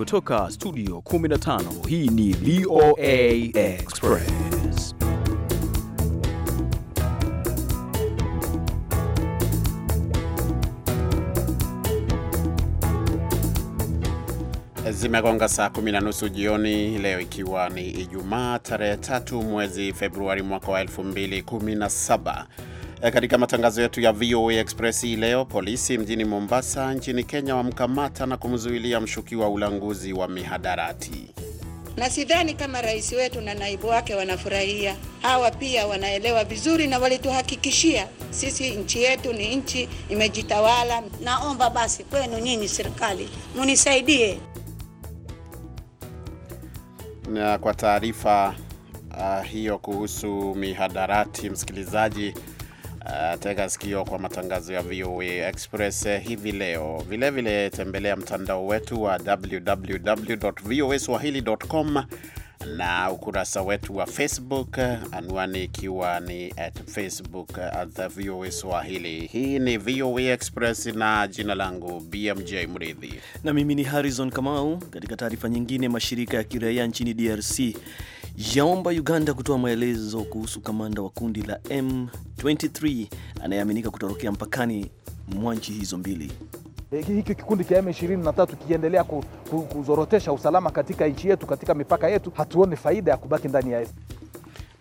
kutoka studio 15 hii ni VOA Express zimegonga saa kumi na nusu jioni leo ikiwa ni Ijumaa tarehe tatu mwezi Februari mwaka wa 2017 Eh, katika matangazo yetu ya VOA Express hii leo, polisi mjini Mombasa nchini Kenya wamkamata na kumzuilia mshukiwa ulanguzi wa mihadarati. Na sidhani kama rais wetu na naibu wake wanafurahia. Hawa pia wanaelewa vizuri na walituhakikishia sisi nchi yetu ni nchi imejitawala. Naomba basi kwenu nyinyi serikali munisaidie. Na kwa taarifa uh, hiyo kuhusu mihadarati, msikilizaji Ah, tega sikio kwa matangazo ya VOA Express eh, hivi leo. Vilevile tembelea mtandao wetu wa www.voaswahili.com na ukurasa wetu wa Facebook, eh, anwani ikiwa ni at facebook eh, at VOA Swahili. Hii ni VOA Express na jina langu BMJ Mridhi na mimi ni Harrison Kamau. Katika taarifa nyingine, mashirika ya kiraia nchini DRC yaomba Uganda kutoa maelezo kuhusu kamanda wa kundi la M23 anayeaminika kutorokea mpakani mwa nchi hizo mbili. E, hiki kikundi cha M23 kikiendelea kuzorotesha usalama katika nchi yetu, katika mipaka yetu, hatuoni faida ya kubaki ndani ya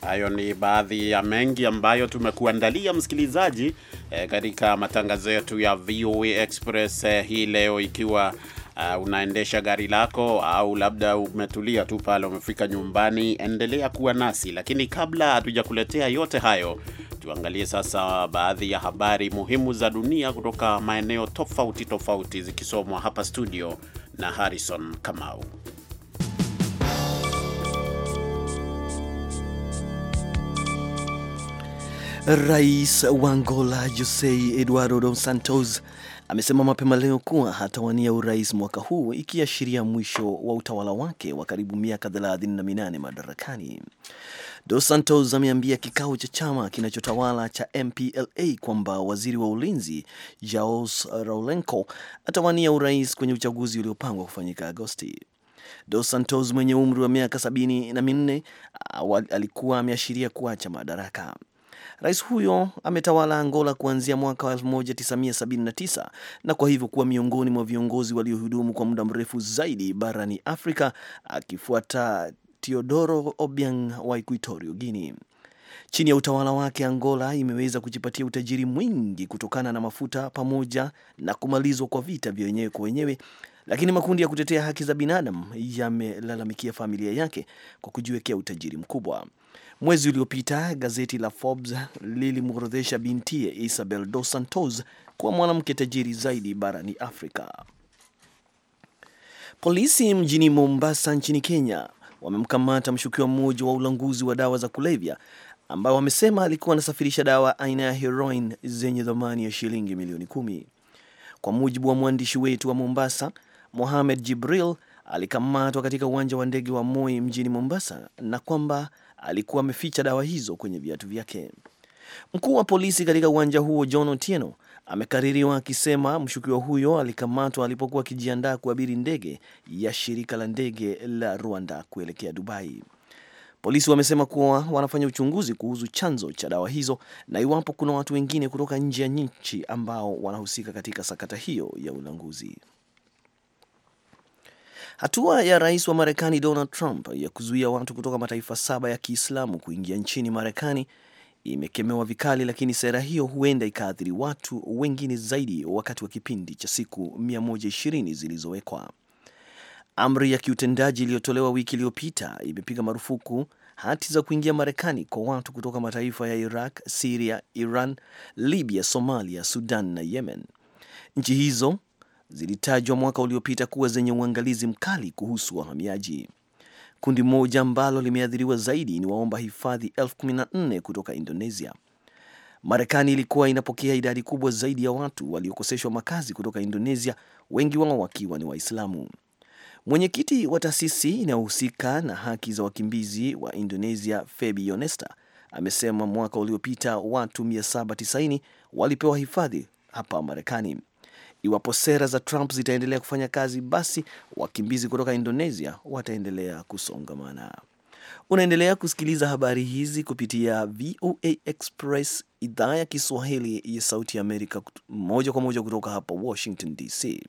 Hayo ni baadhi ya mengi ambayo tumekuandalia msikilizaji, eh, katika matangazo yetu ya VOA Express eh, hii leo ikiwa uh, unaendesha gari lako au labda umetulia tu pale umefika nyumbani, endelea kuwa nasi. Lakini kabla hatujakuletea yote hayo, tuangalie sasa baadhi ya habari muhimu za dunia kutoka maeneo tofauti tofauti, zikisomwa hapa studio na Harrison Kamau. Rais wa Angola Jose Eduardo Dos Santos amesema mapema leo kuwa hatawania urais mwaka huu, ikiashiria mwisho wa utawala wake wa karibu miaka 38 madarakani. Dos Santos ameambia kikao cha chama kinachotawala cha MPLA kwamba waziri wa ulinzi Jaos Raulenko atawania urais kwenye uchaguzi uliopangwa kufanyika Agosti. Dos Santos mwenye umri wa miaka sabini na minne alikuwa ameashiria kuacha madaraka. Rais huyo ametawala Angola kuanzia mwaka wa 1979 na kwa hivyo kuwa miongoni mwa viongozi waliohudumu kwa muda mrefu zaidi barani Afrika akifuata Teodoro Obiang wa Equatorio Guinea. Chini ya utawala wake, Angola imeweza kujipatia utajiri mwingi kutokana na mafuta pamoja na kumalizwa kwa vita vya wenyewe kwa wenyewe, lakini makundi ya kutetea haki za binadamu yamelalamikia familia yake kwa kujiwekea utajiri mkubwa. Mwezi uliopita gazeti la Forbes lilimworodhesha bintiye Isabel Dos Santos kuwa mwanamke tajiri zaidi barani Afrika. Polisi mjini Mombasa nchini Kenya wamemkamata mshukiwa mmoja wa ulanguzi wa dawa za kulevya ambayo wamesema alikuwa anasafirisha dawa aina ya heroin zenye thamani ya shilingi milioni kumi. Kwa mujibu wa mwandishi wetu wa Mombasa, Mohamed Jibril alikamatwa katika uwanja wa ndege wa Moi mjini Mombasa na kwamba alikuwa ameficha dawa hizo kwenye viatu vyake. Mkuu wa polisi katika uwanja huo John Otieno amekaririwa akisema mshukiwa huyo alikamatwa alipokuwa akijiandaa kuabiri ndege ya shirika la ndege la Rwanda kuelekea Dubai. Polisi wamesema kuwa wanafanya uchunguzi kuhusu chanzo cha dawa hizo na iwapo kuna watu wengine kutoka nje ya nchi ambao wanahusika katika sakata hiyo ya ulanguzi. Hatua ya rais wa Marekani Donald Trump ya kuzuia watu kutoka mataifa saba ya Kiislamu kuingia nchini Marekani imekemewa vikali, lakini sera hiyo huenda ikaathiri watu wengine zaidi wakati wa kipindi cha siku 120 zilizowekwa. Amri ya kiutendaji iliyotolewa wiki iliyopita imepiga marufuku hati za kuingia Marekani kwa watu kutoka mataifa ya Iraq, Siria, Iran, Libya, Somalia, Sudan na Yemen. Nchi hizo zilitajwa mwaka uliopita kuwa zenye uangalizi mkali kuhusu wahamiaji. Kundi moja ambalo limeathiriwa zaidi ni waomba hifadhi elfu kumi na nne kutoka Indonesia. Marekani ilikuwa inapokea idadi kubwa zaidi ya watu waliokoseshwa makazi kutoka Indonesia, wengi wao wakiwa ni Waislamu. Mwenyekiti wa taasisi inayohusika na haki za wakimbizi wa Indonesia, Febi Yonesta, amesema mwaka uliopita watu 790 walipewa hifadhi hapa Marekani. Iwapo sera za Trump zitaendelea kufanya kazi, basi wakimbizi kutoka Indonesia wataendelea kusongamana. Unaendelea kusikiliza habari hizi kupitia VOA Express, idhaa ya Kiswahili ya Sauti ya Amerika, moja kwa moja kutoka hapa Washington DC.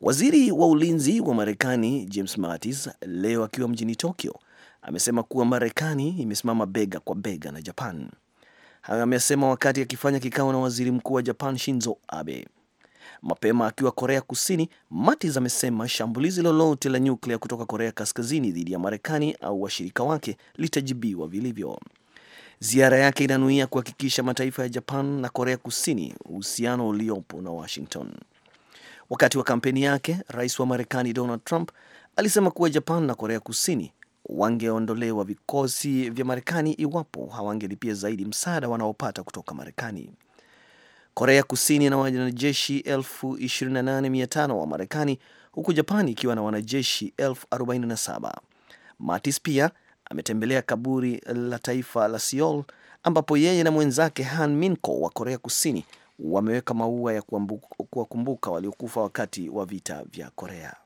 Waziri wa ulinzi wa Marekani James Mattis leo akiwa mjini Tokyo amesema kuwa Marekani imesimama bega kwa bega na Japan Hayo amesema wakati akifanya kikao na waziri mkuu wa Japan Shinzo Abe. Mapema akiwa Korea Kusini, Mattis amesema shambulizi lolote la nyuklia kutoka Korea Kaskazini dhidi ya Marekani au washirika wake litajibiwa vilivyo. Ziara yake inanuia kuhakikisha mataifa ya Japan na Korea Kusini uhusiano uliopo na Washington. Wakati wa kampeni yake, rais wa Marekani Donald Trump alisema kuwa Japan na Korea Kusini wangeondolewa vikosi vya Marekani iwapo hawangelipia zaidi msaada wanaopata kutoka Marekani. Korea Kusini na wanajeshi 28500 wa Marekani, huku Japani ikiwa na wanajeshi 47 Mattis pia ametembelea kaburi la taifa la Seoul ambapo yeye na mwenzake Han Minko wa Korea Kusini wameweka maua ya kuwakumbuka waliokufa wakati wa vita vya Korea.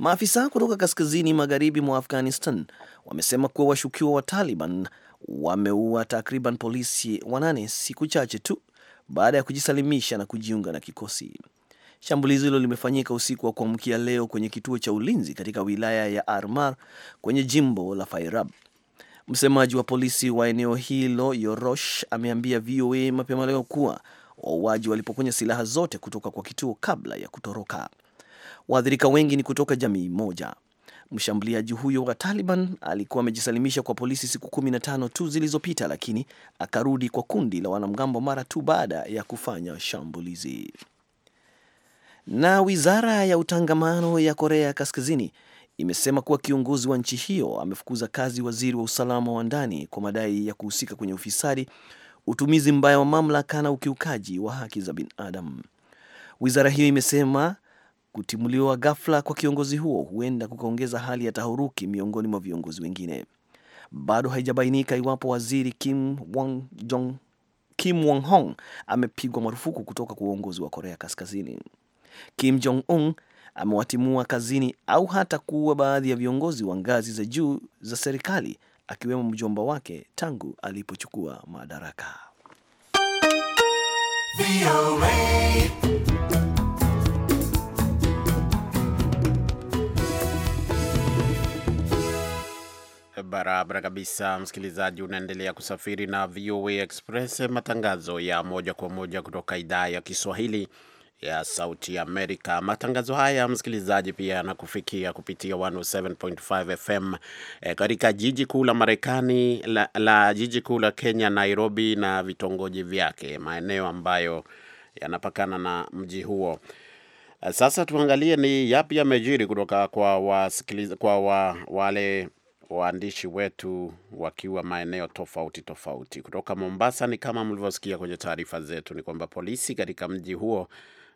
Maafisa kutoka kaskazini magharibi mwa Afghanistan wamesema kuwa washukiwa wa Taliban wameua takriban polisi wanane siku chache tu baada ya kujisalimisha na kujiunga na kikosi. Shambulizi hilo limefanyika usiku wa kuamkia leo kwenye kituo cha ulinzi katika wilaya ya Armar kwenye jimbo la Fairab. Msemaji wa polisi wa eneo hilo Yorosh ameambia VOA mapema leo kuwa wauaji walipokonya silaha zote kutoka kwa kituo kabla ya kutoroka. Waathirika wengi ni kutoka jamii moja. Mshambuliaji huyo wa Taliban alikuwa amejisalimisha kwa polisi siku kumi na tano tu zilizopita, lakini akarudi kwa kundi la wanamgambo mara tu baada ya kufanya shambulizi. Na wizara ya utangamano ya Korea Kaskazini imesema kuwa kiongozi wa nchi hiyo amefukuza kazi waziri wa usalama wa ndani kwa madai ya kuhusika kwenye ufisadi, utumizi mbaya wa mamlaka na ukiukaji wa haki za binadamu. Wizara hiyo imesema Kutimuliwa ghafla kwa kiongozi huo huenda kukaongeza hali ya taharuki miongoni mwa viongozi wengine. Bado haijabainika iwapo waziri Kim Wong Jong, Kim Wong Hong amepigwa marufuku kutoka kwa uongozi wa Korea Kaskazini. Kim Jong Un amewatimua kazini au hata kuua baadhi ya viongozi wa ngazi za juu za serikali akiwemo mjomba wake tangu alipochukua madaraka. barabara kabisa, msikilizaji, unaendelea kusafiri na VOA Express, matangazo ya moja kwa moja kutoka idhaa ya Kiswahili ya Sauti Amerika. Matangazo haya msikilizaji, pia yanakufikia kupitia 107.5 FM e, katika jiji kuu la Marekani la, la jiji kuu la Kenya Nairobi na vitongoji vyake, maeneo ambayo yanapakana na mji huo. Eh, sasa tuangalie ni yapi yamejiri kutoka kwa, wasikiliza, kwa wa, wale waandishi wetu wakiwa maeneo tofauti tofauti. Kutoka Mombasa, ni kama mlivyosikia kwenye taarifa zetu, ni kwamba polisi katika mji huo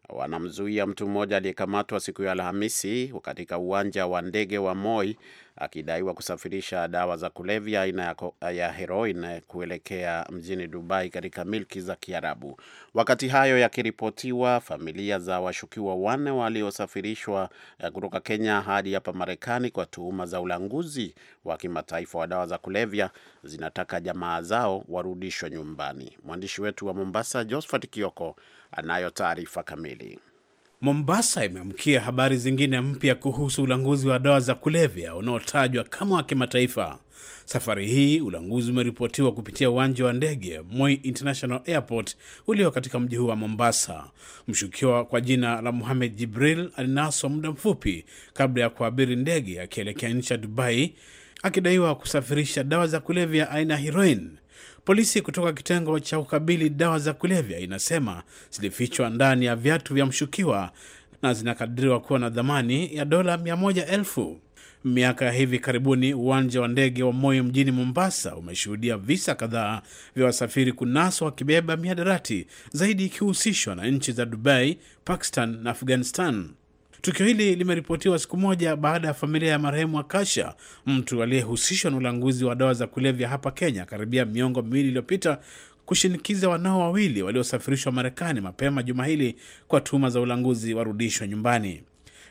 wanamzuia mtu mmoja aliyekamatwa siku ya Alhamisi katika uwanja wa ndege wa Moi akidaiwa kusafirisha dawa za kulevya aina ya heroin kuelekea mjini Dubai katika milki za Kiarabu. Wakati hayo yakiripotiwa, familia za washukiwa wanne waliosafirishwa eh, kutoka Kenya hadi hapa Marekani kwa tuhuma za ulanguzi wa kimataifa wa dawa za kulevya zinataka jamaa zao warudishwe nyumbani. Mwandishi wetu wa Mombasa, Josephat Kioko anayo taarifa kamili. Mombasa imeamkia habari zingine mpya kuhusu ulanguzi wa dawa za kulevya unaotajwa kama wa kimataifa. Safari hii ulanguzi umeripotiwa kupitia uwanja wa ndege Moi International Airport ulio katika mji huu wa Mombasa. Mshukiwa kwa jina la muhamed Jibril alinaswa muda mfupi kabla ya kuabiri ndege akielekea nchi ya Dubai, akidaiwa kusafirisha dawa za kulevya aina ya heroin Polisi kutoka kitengo cha kukabili dawa za kulevya inasema zilifichwa ndani ya viatu vya mshukiwa na zinakadiriwa kuwa na dhamani ya dola mia moja elfu. Miaka ya hivi karibuni, uwanja wa ndege wa Moyo mjini Mombasa umeshuhudia visa kadhaa vya wasafiri kunaswa wakibeba mihadarati, zaidi ikihusishwa na nchi za Dubai, Pakistan na Afghanistan. Tukio hili limeripotiwa siku moja baada ya familia ya marehemu Akasha, mtu aliyehusishwa na ulanguzi wa dawa za kulevya hapa Kenya karibia miongo miwili iliyopita, kushinikiza wanao wawili waliosafirishwa Marekani mapema juma hili kwa tuhuma za ulanguzi warudishwe nyumbani.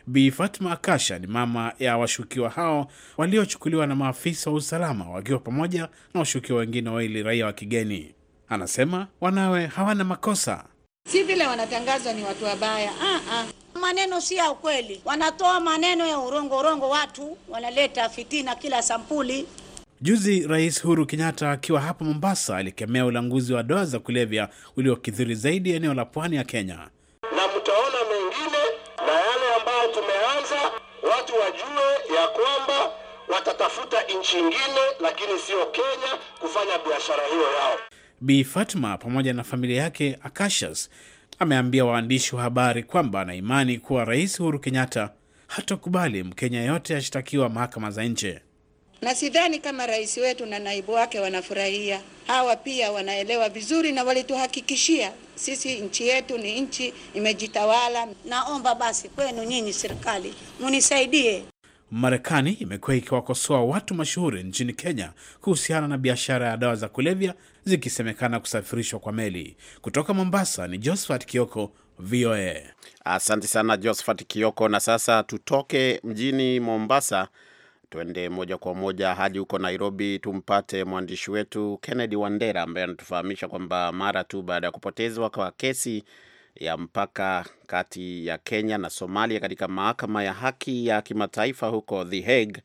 Bi Fatma Akasha ni mama ya washukiwa hao waliochukuliwa na maafisa wa usalama wakiwa pamoja na washukiwa wengine wawili raia wa kigeni. Anasema wanawe hawana makosa, si vile wanatangazwa ni watu wabaya. Ah, ah maneno si ya ukweli, wanatoa maneno ya urongo urongo, watu wanaleta fitina kila sampuli. Juzi Rais Huru Kenyatta akiwa hapa Mombasa alikemea ulanguzi wa dawa za kulevya uliokithiri zaidi eneo la pwani ya Kenya. Na mtaona mengine na yale ambayo tumeanza, watu wajue ya kwamba watatafuta nchi ingine, lakini sio Kenya kufanya biashara hiyo yao. Bi Fatma pamoja na familia yake Akashas ameambia waandishi wa habari kwamba anaimani kuwa Rais Uhuru Kenyatta hatokubali Mkenya yote ashtakiwa mahakama za nje, na sidhani kama rais wetu na naibu wake wanafurahia. Hawa pia wanaelewa vizuri na walituhakikishia sisi nchi yetu ni nchi imejitawala. Naomba basi kwenu nyinyi serikali munisaidie. Marekani imekuwa ikiwakosoa watu mashuhuri nchini Kenya kuhusiana na biashara ya dawa za kulevya zikisemekana kusafirishwa kwa meli kutoka Mombasa. Ni Josephat Kioko, VOA. Asante sana Josephat Kioko, na sasa tutoke mjini Mombasa tuende moja kwa moja hadi huko Nairobi tumpate mwandishi wetu Kennedy Wandera ambaye anatufahamisha kwamba mara tu baada ya kupotezwa kwa kesi ya mpaka kati ya Kenya na Somalia katika mahakama ya haki ya kimataifa huko The Hague,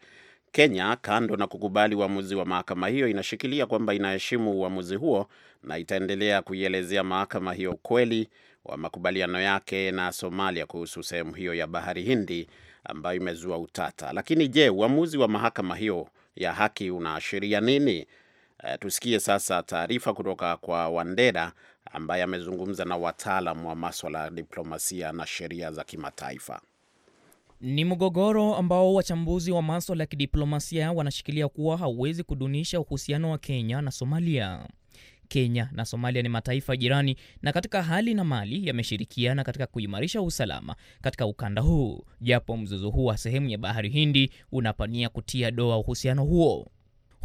Kenya, kando na kukubali uamuzi wa mahakama hiyo, inashikilia kwamba inaheshimu uamuzi huo na itaendelea kuielezea mahakama hiyo ukweli wa makubaliano yake na Somalia kuhusu sehemu hiyo ya bahari Hindi ambayo imezua utata. Lakini je, uamuzi wa mahakama hiyo ya haki unaashiria nini? E, tusikie sasa taarifa kutoka kwa Wandera ambaye amezungumza na wataalam wa maswala ya diplomasia na sheria za kimataifa. Ni mgogoro ambao wachambuzi wa maswala ya kidiplomasia wanashikilia kuwa hauwezi kudunisha uhusiano wa Kenya na Somalia. Kenya na Somalia ni mataifa jirani na katika hali na mali yameshirikiana katika kuimarisha usalama katika ukanda huu, japo mzozo huu wa sehemu ya Bahari Hindi unapania kutia doa uhusiano huo.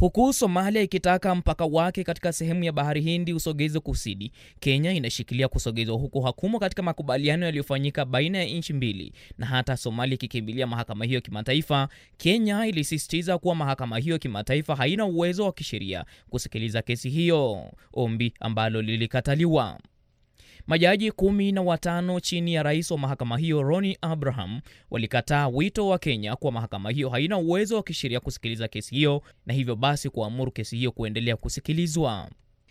Huku Somalia ikitaka mpaka wake katika sehemu ya bahari Hindi usogezwe kusidi, Kenya inashikilia kusogezwa huku hakumo katika makubaliano yaliyofanyika baina ya nchi mbili, na hata Somalia ikikimbilia mahakama hiyo kimataifa. Kenya ilisisitiza kuwa mahakama hiyo kimataifa haina uwezo wa kisheria kusikiliza kesi hiyo, ombi ambalo lilikataliwa. Majaji kumi na watano chini ya rais wa mahakama hiyo Roni Abraham walikataa wito wa Kenya kuwa mahakama hiyo haina uwezo wa kisheria kusikiliza kesi hiyo na hivyo basi kuamuru kesi hiyo kuendelea kusikilizwa.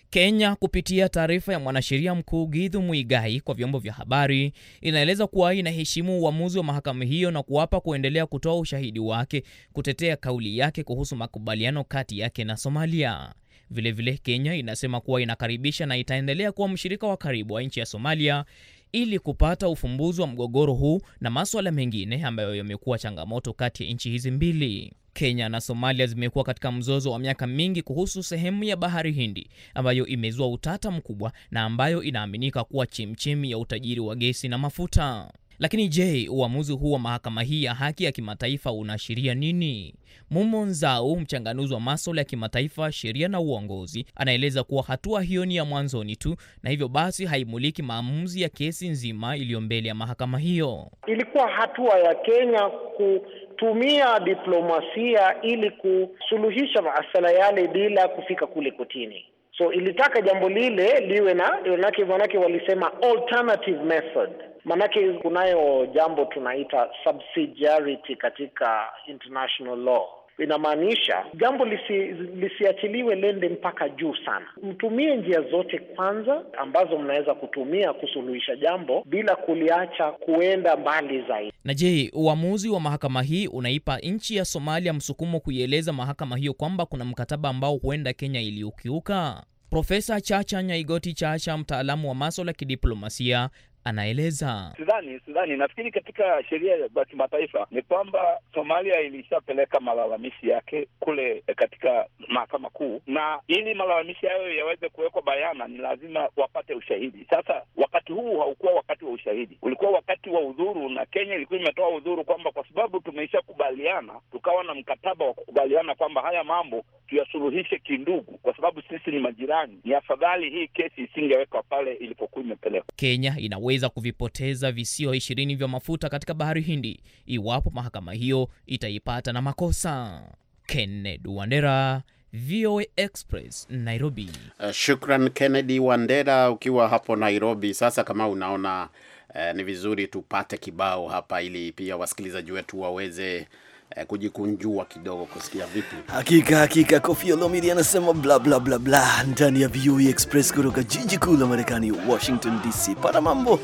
Kenya kupitia taarifa ya mwanasheria mkuu Githu Muigai kwa vyombo vya habari inaeleza kuwa inaheshimu uamuzi wa mahakama hiyo na kuapa kuendelea kutoa ushahidi wake kutetea kauli yake kuhusu makubaliano kati yake na Somalia. Vilevile vile Kenya inasema kuwa inakaribisha na itaendelea kuwa mshirika wa karibu wa nchi ya Somalia ili kupata ufumbuzi wa mgogoro huu na maswala mengine ambayo yamekuwa changamoto kati ya nchi hizi mbili. Kenya na Somalia zimekuwa katika mzozo wa miaka mingi kuhusu sehemu ya Bahari Hindi ambayo imezua utata mkubwa na ambayo inaaminika kuwa chemchemi ya utajiri wa gesi na mafuta. Lakini je, uamuzi huu wa mahakama hii ya haki ya kimataifa unaashiria nini? Mumo Nzau, mchanganuzi wa masuala ya kimataifa, sheria na uongozi, anaeleza kuwa hatua hiyo ni ya mwanzoni tu na hivyo basi haimuliki maamuzi ya kesi nzima iliyo mbele ya mahakama hiyo. Ilikuwa hatua ya Kenya kutumia diplomasia ili kusuluhisha masala yale bila kufika kule kotini. So ilitaka jambo lile liwe na manake, manake walisema alternative method, manake kunayo jambo tunaita subsidiarity katika international law Inamaanisha jambo lisi, lisiachiliwe lende mpaka juu sana. Mtumie njia zote kwanza ambazo mnaweza kutumia kusuluhisha jambo bila kuliacha kuenda mbali zaidi. Na je, uamuzi wa mahakama hii unaipa nchi ya Somalia msukumo kuieleza mahakama hiyo kwamba kuna mkataba ambao huenda Kenya iliukiuka? Profesa Chacha Nyaigoti Chacha, mtaalamu wa maswala ya kidiplomasia, anaeleza. Sidhani, sidhani. Nafikiri katika sheria za kimataifa ni kwamba Somalia ilishapeleka malalamishi yake kule eh, katika mahakama kuu, na ili malalamishi hayo yaweze kuwekwa bayana ni lazima wapate ushahidi. Sasa wakati huu haukuwa wakati wa ushahidi, ulikuwa wakati wa udhuru, na Kenya ilikuwa imetoa udhuru kwamba kwa sababu tumeishakubaliana, tukawa na mkataba wa kukubaliana kwamba haya mambo tuyasuluhishe kindugu, kwa sababu sisi ni majirani, ni afadhali hii kesi isingewekwa pale ilipokuwa imepelekwa. Kenya inawe inaweza kuvipoteza visio ishirini vya mafuta katika bahari Hindi iwapo mahakama hiyo itaipata na makosa. Kennedy Wandera, VOA Express, Nairobi. Uh, shukran Kennedy Wandera ukiwa hapo Nairobi. Sasa kama unaona, uh, ni vizuri tupate kibao hapa ili pia wasikilizaji wetu waweze eh, kujikunjua kidogo kusikia vipi. Hakika hakika, Kofi Olomidi anasema bla bla bla bla ndani ya VOA e Express kutoka jiji kuu la Marekani, Washington DC. Para mambo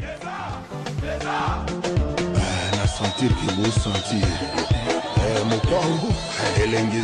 eh, eh,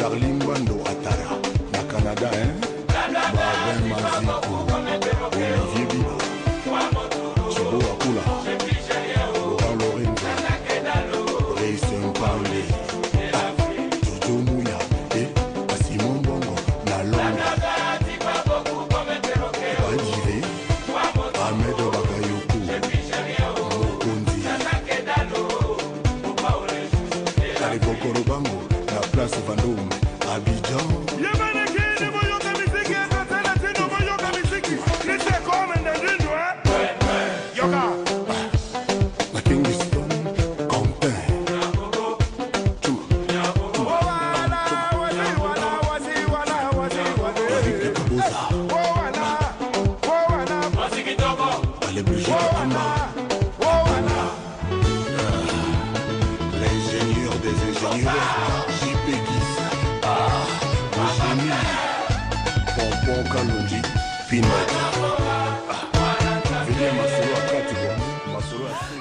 charlie mbando Ah,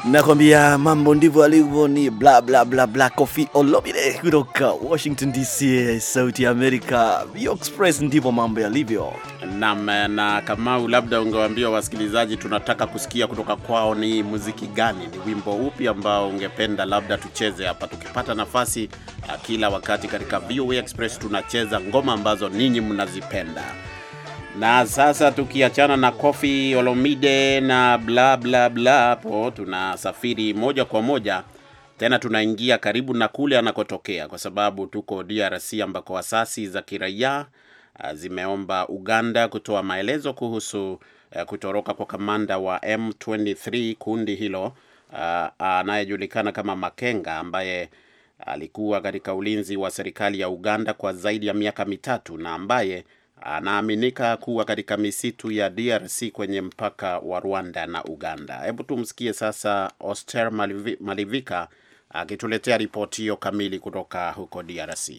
nakwambia mambo ndivyo alivyo, ni bla bla bla bla. Kofi Olomide kutoka Washington DC, Sauti ya Amerika, Express, ndivyo mambo yalivyo. Nam na Kamau, labda ungewaambia wasikilizaji tunataka kusikia kutoka kwao ni muziki gani, ni wimbo upi ambao ungependa labda tucheze hapa tukipata nafasi? Ah, kila wakati katika VOA Express tunacheza ngoma ambazo ninyi mnazipenda. Na sasa tukiachana na Kofi Olomide na bla bla bla, hapo tunasafiri moja kwa moja tena tunaingia karibu na kule anakotokea, kwa sababu tuko DRC ambako asasi za kiraia zimeomba Uganda kutoa maelezo kuhusu eh, kutoroka kwa kamanda wa M23 kundi hilo ah, anayejulikana kama Makenga ambaye alikuwa katika ulinzi wa serikali ya Uganda kwa zaidi ya miaka mitatu na ambaye anaaminika kuwa katika misitu ya DRC kwenye mpaka wa Rwanda na Uganda. Hebu tumsikie sasa Oster Malivika akituletea ripoti hiyo kamili kutoka huko DRC.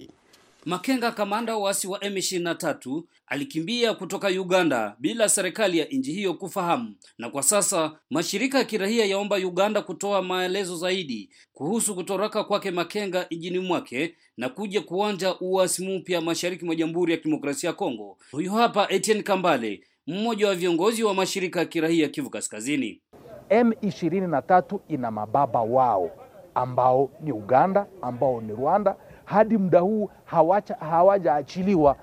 Makenga, kamanda waasi wa M23, alikimbia kutoka Uganda bila serikali ya nchi hiyo kufahamu, na kwa sasa mashirika ya kiraia yaomba Uganda kutoa maelezo zaidi kuhusu kutoroka kwake Makenga nchini mwake na kuja kuanja uasi mpya mashariki mwa Jamhuri ya Kidemokrasia ya Kongo. Huyu hapa Etienne Kambale, mmoja wa viongozi wa mashirika ya kiraia Kivu Kaskazini. M23 ina mababa wao ambao ni Uganda, ambao ni Rwanda hadi muda huu hawajaachiliwa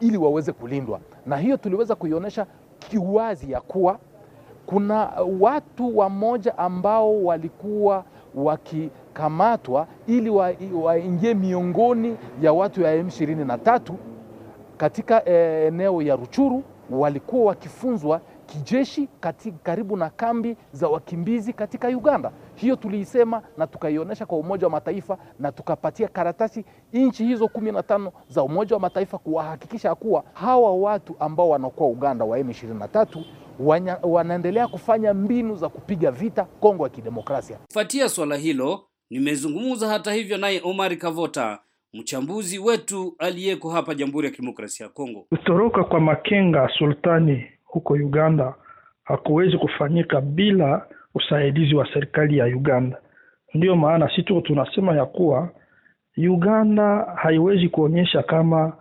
ili waweze kulindwa, na hiyo tuliweza kuionyesha kiwazi ya kuwa kuna watu wamoja ambao walikuwa wakikamatwa ili waingie wa miongoni ya watu ya M23 katika eh, eneo ya Ruchuru, walikuwa wakifunzwa kijeshi katika, karibu na kambi za wakimbizi katika Uganda. Hiyo tuliisema na tukaionyesha kwa Umoja wa Mataifa na tukapatia karatasi nchi hizo kumi na tano za Umoja wa Mataifa kuwahakikisha kuwa hawa watu ambao wanakuwa Uganda wa M23 wanaendelea kufanya mbinu za kupiga vita Kongo ya Kidemokrasia. Kufuatia swala hilo, nimezungumza hata hivyo naye Omar Kavota mchambuzi wetu aliyeko hapa Jamhuri ya Kidemokrasia ya Kongo. Kutoroka kwa Makenga Sultani huko Uganda hakuwezi kufanyika bila usaidizi wa serikali ya Uganda. Ndiyo maana si tu tunasema ya kuwa Uganda haiwezi kuonyesha kama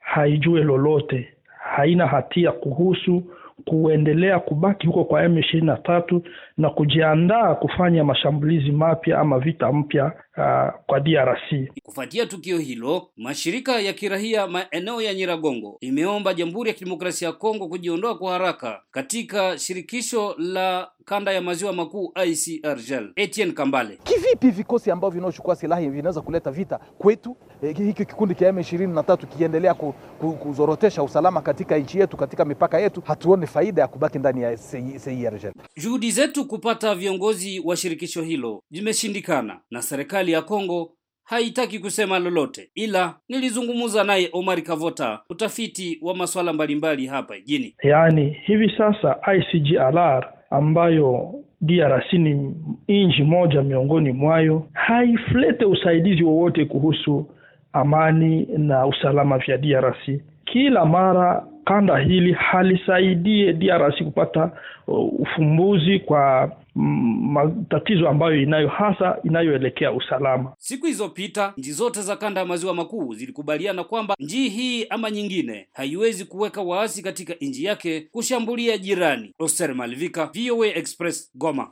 haijue lolote, haina hatia kuhusu kuendelea kubaki huko kwa M23 na kujiandaa kufanya mashambulizi mapya ama vita mpya uh, kwa DRC. Kufuatia tukio hilo, mashirika ya kirahia maeneo ya Nyiragongo imeomba Jamhuri ya Kidemokrasia ya Kongo kujiondoa kwa haraka katika shirikisho la kanda ya maziwa makuu ICRGL. Etienne Kambale: kivipi vikosi ambavyo vinaochukua silaha vinaweza kuleta vita kwetu? Eh, hiki kikundi cha M23 kikiendelea ku, ku, kuzorotesha usalama katika nchi yetu, katika mipaka yetu, hatuone faida ya kubaki ndani ya CIRGL. Juhudi zetu kupata viongozi wa shirikisho hilo zimeshindikana na serikali serikali ya Kongo haitaki kusema lolote, ila nilizungumza naye Omar Kavota, utafiti wa masuala mbalimbali hapa jini. Yaani hivi sasa ICGLR ambayo DRC ni nchi moja miongoni mwayo haiflete usaidizi wowote kuhusu amani na usalama vya DRC. Kila mara kanda hili halisaidie DRC kupata uh, ufumbuzi kwa mm, matatizo ambayo inayo hasa inayoelekea usalama. Siku hizopita nchi zote za kanda ya maziwa makuu zilikubaliana kwamba njii hii ama nyingine haiwezi kuweka waasi katika nchi yake kushambulia jirani. Oser Malvika, VOA Express, Goma.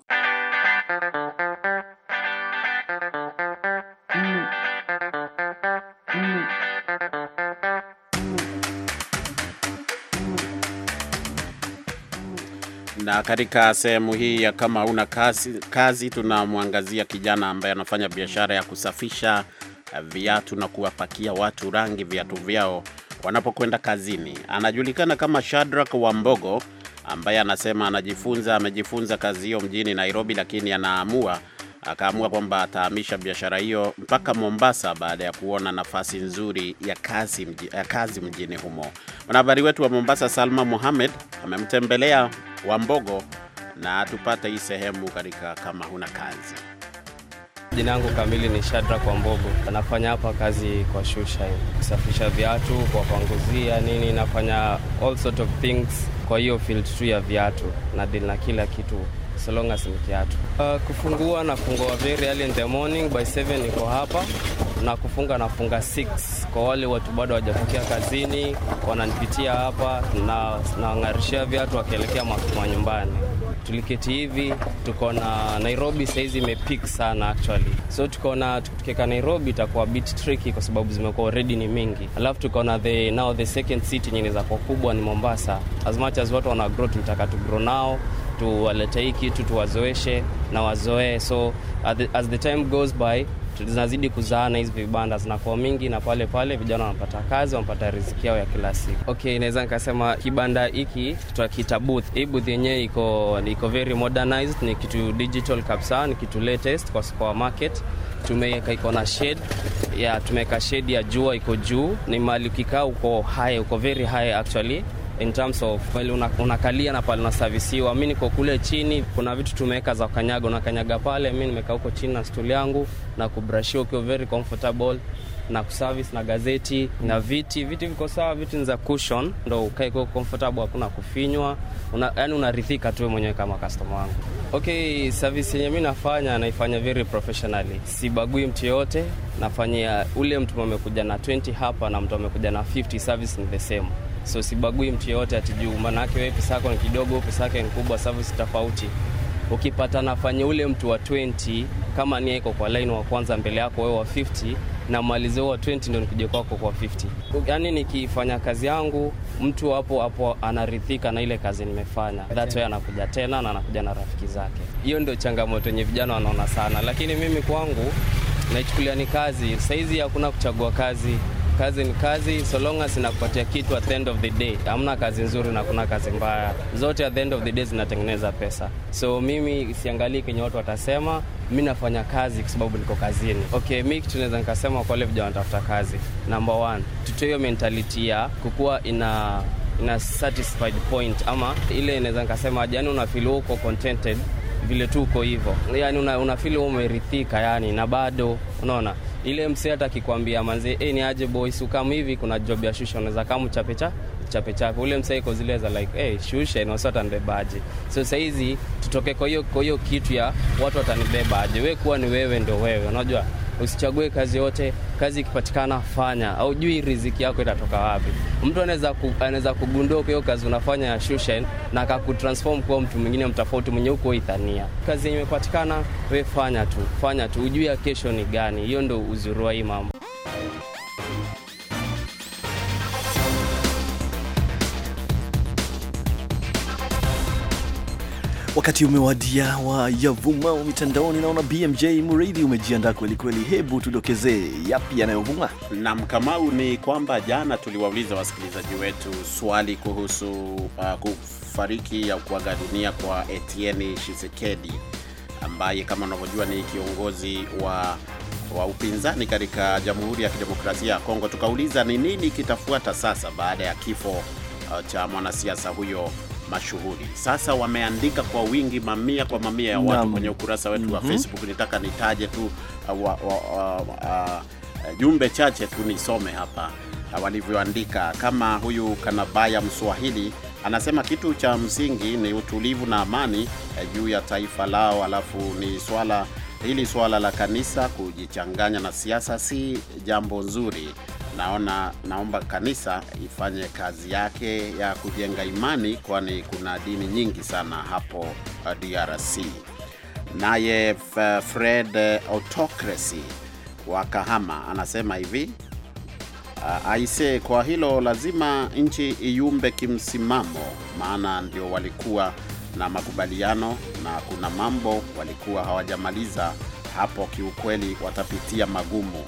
Na katika sehemu hii ya kama una kazi, kazi tunamwangazia kijana ambaye anafanya biashara ya kusafisha viatu na kuwapakia watu rangi viatu vyao wanapokwenda kazini. Anajulikana kama Shadrack Wambogo ambaye anasema anajifunza, amejifunza kazi hiyo mjini Nairobi, lakini anaamua akaamua kwamba atahamisha biashara hiyo mpaka Mombasa baada ya kuona nafasi nzuri ya kazi, ya kazi mjini humo. Mwanahabari wetu wa Mombasa, Salma muhamed amemtembelea Wambogo na tupate hii sehemu katika kama huna kazi. Jina yangu kamili ni Shadrack Wambogo. anafanya hapa kazi kwa Shusha, kusafisha viatu, kuwapanguzia nini, nafanya all sort of things kwa hiyo field tu ya viatu na deal na kila kitu so long as ni kiatu. Uh, kufungua nafungua very early in the morning by 7 niko hapa na kufunga nafunga 6 kwa wale watu bado hawajafikia kazini, wananipitia hapa na nawang'arishia viatu wakielekea manyumbani. Tuliketi hivi, tuko na Nairobi saizi imepik sana actually, so tuko na tukifika Nairobi itakuwa bit tricky kwa sababu zimekuwa already ni mingi, alafu tuko na the now the second city nyingine za kwa kubwa ni Mombasa. As much as watu wana grow, tunataka tu grow nao tuwalete hii kitu tuwazoeshe na wazoee. So as the time goes by zinazidi kuzaana hizi vibanda zinakuwa mingi, na pale pale vijana wanapata kazi, wanapata riziki yao ya kila siku. ok inaweza nikasema kibanda hiki tutakita booth. Hii booth yenyewe iko iko very modernized, ni kitu digital kabisa, ni kitu latest kwa kwa market. Tumeweka iko na shed ya tumeweka shed ya jua iko juu, ni mali ukikaa uko high, uko very high actually in terms of pale unakalia una na pale unasavisiwa. Mi niko kule chini, kuna vitu tumeweka za kanyaga, unakanyaga pale. Mi nimekaa huko chini na stuli yangu na kubrashia, ukiwa very comfortable na kuservice na gazeti mm. na viti viti viko sawa, viti ni za cushion, ndo ukae kwa comfortable, hakuna kufinywa, una, yani unaridhika tu mwenyewe kama customer wangu. Okay, service yenye mimi nafanya naifanya very professionally, sibagui mtu yoyote, nafanyia ule mtu amekuja na 20 hapa na mtu amekuja na 50, service ni the same so sibagui mtu yeyote atijuu, manake maanake wewe pesa yako ni kidogo, pesa yake ni kubwa, service tofauti. Ukipata nafanya ule mtu wa 20 kama ni iko kwa line wa kwanza mbele yako wewe wa 50 na malize wa 20 ndio nikuje kwako kwa 50. Yani nikifanya kazi yangu mtu hapo hapo anaridhika na ile kazi nimefanya. That's why anakuja tena na anakuja na rafiki zake. Hiyo ndio changamoto yenye vijana wanaona sana, lakini mimi kwangu naichukulia ni kazi. Saizi hakuna kuchagua kazi Kazi ni kazi, so long as inakupatia kitu at the end of the day. Hamna kazi nzuri na kuna kazi mbaya, zote at the end of the day zinatengeneza pesa. So mimi siangalii kenye watu watasema, mi nafanya kazi kwa sababu niko kazini. Okay, mi kitu naweza nikasema kwa wale vijana wanatafuta kazi, number one, tutoe hiyo mentality ya kukuwa ina ina satisfied point ama ile inaweza nikasema, yaani unafili uko contented vile uko hivyo, yani una, una feel umerithika yani, na bado unaona ile mse hata akikwambia manze, hey, eh, ni aje boys ukam hivi, kuna job ya shusha, unaweza kama chape chape ule msee iko zile za like hey, eh, shusha inaosota nibebaje? So saa hizi tutoke kwa hiyo kwa hiyo kitu ya watu watanibebaje, we kuwa ni wewe ndio wewe, unajua Usichague kazi yote, kazi ikipatikana fanya. au jui riziki yako itatoka wapi. Mtu anaweza ku, anaweza kugundua hiyo kazi unafanya ya shushen na akakutransform kuwa mtu mwingine mtofauti mwenye uko ithania. Kazi yenye imepatikana we fanya tu, fanya tu, ujui ya kesho ni gani. Hiyo ndo uzuri wa hii mambo. Wakati umewadia wa yavumao mitandaoni. Naona BMJ Muridi umejiandaa kweli kweli, hebu tudokezee yapi yanayovuma. Na Mkamau, ni kwamba jana tuliwauliza wasikilizaji wetu swali kuhusu uh, kufariki au kuaga dunia kwa Etienne Tshisekedi ambaye kama unavyojua ni kiongozi wa wa upinzani katika Jamhuri ya Kidemokrasia ya Kongo. Tukauliza ni nini kitafuata sasa baada ya kifo uh, cha mwanasiasa huyo mashuhuri. Sasa wameandika kwa wingi, mamia kwa mamia ya watu kwenye ukurasa wetu mm -hmm. wa mhm. Facebook. Nitaka nitaje tu uh, uh, uh, uh, jumbe chache tu nisome hapa uh, walivyoandika. Kama huyu Kanabaya Mswahili anasema kitu cha msingi ni utulivu na amani uh, juu ya taifa lao, alafu ni swala hili suala la kanisa kujichanganya na siasa si jambo nzuri. Naona, naomba kanisa ifanye kazi yake ya kujenga imani, kwani kuna dini nyingi sana hapo uh, DRC. Naye uh, Fred uh, Autocracy wa Kahama anasema hivi aise, kwa hilo lazima nchi iumbe kimsimamo, maana ndio walikuwa na makubaliano, na kuna mambo walikuwa hawajamaliza hapo, kiukweli watapitia magumu.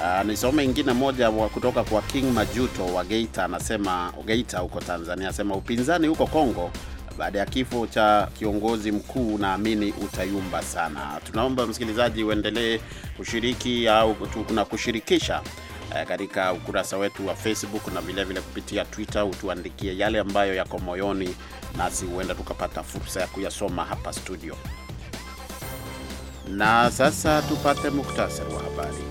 Uh, nisome ingine moja wa kutoka kwa King Majuto wa Geita, anasema Geita huko Tanzania, anasema upinzani huko Kongo baada ya kifo cha kiongozi mkuu naamini utayumba sana. Tunaomba msikilizaji uendelee kushiriki au kuna kushirikisha Eh, katika ukurasa wetu wa Facebook na vilevile vile kupitia Twitter. Utuandikie yale ambayo yako moyoni, nasi huenda tukapata fursa ya kuyasoma hapa studio. Na sasa tupate muktasari wa habari.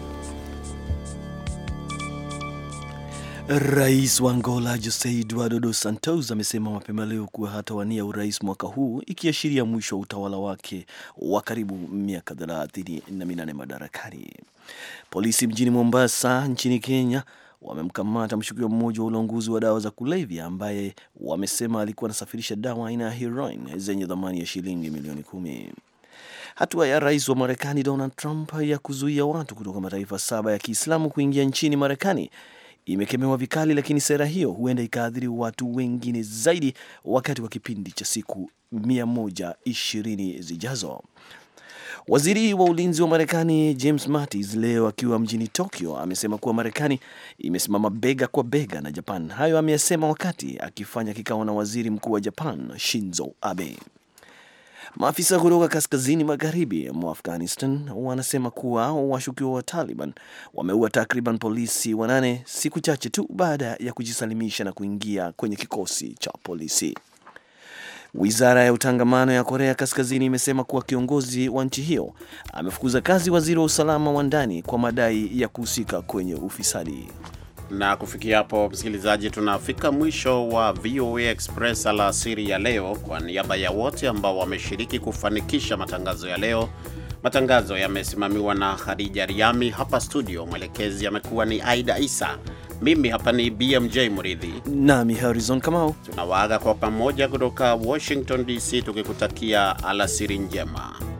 Rais wa Angola Jose Eduardo Dos Santos amesema mapema leo kuwa hatawania urais mwaka huu ikiashiria mwisho wa utawala wake wa karibu miaka thelathini na minane madarakani. Polisi mjini Mombasa nchini Kenya wamemkamata mshukiwa mmoja wa ulanguzi wa dawa za kulevya ambaye wamesema alikuwa anasafirisha dawa aina ya heroin zenye thamani ya shilingi milioni kumi. Hatua ya rais wa Marekani Donald Trump ya kuzuia watu kutoka mataifa saba ya Kiislamu kuingia nchini Marekani imekemewa vikali, lakini sera hiyo huenda ikaathiri watu wengine zaidi wakati wa kipindi cha siku 120 zijazo. Waziri wa ulinzi wa Marekani James Mattis leo akiwa mjini Tokyo amesema kuwa Marekani imesimama bega kwa bega na Japan. Hayo ameyasema wakati akifanya kikao na waziri mkuu wa Japan Shinzo Abe. Maafisa kutoka kaskazini magharibi mwa Afghanistan wanasema kuwa washukiwa wa Taliban wameua takriban polisi wanane siku chache tu baada ya kujisalimisha na kuingia kwenye kikosi cha polisi. Wizara ya utangamano ya Korea Kaskazini imesema kuwa kiongozi wa nchi hiyo amefukuza kazi waziri wa usalama wa ndani kwa madai ya kuhusika kwenye ufisadi. Na kufikia hapo, msikilizaji, tunafika mwisho wa VOA Express alasiri ya leo. Kwa niaba ya wote ambao wameshiriki kufanikisha matangazo ya leo, matangazo yamesimamiwa na Khadija Riami hapa studio, mwelekezi amekuwa ni Aida Isa. Mimi hapa ni BMJ Mridhi nami Horizon Kamau, tunawaaga kwa pamoja kutoka Washington DC, tukikutakia alasiri njema.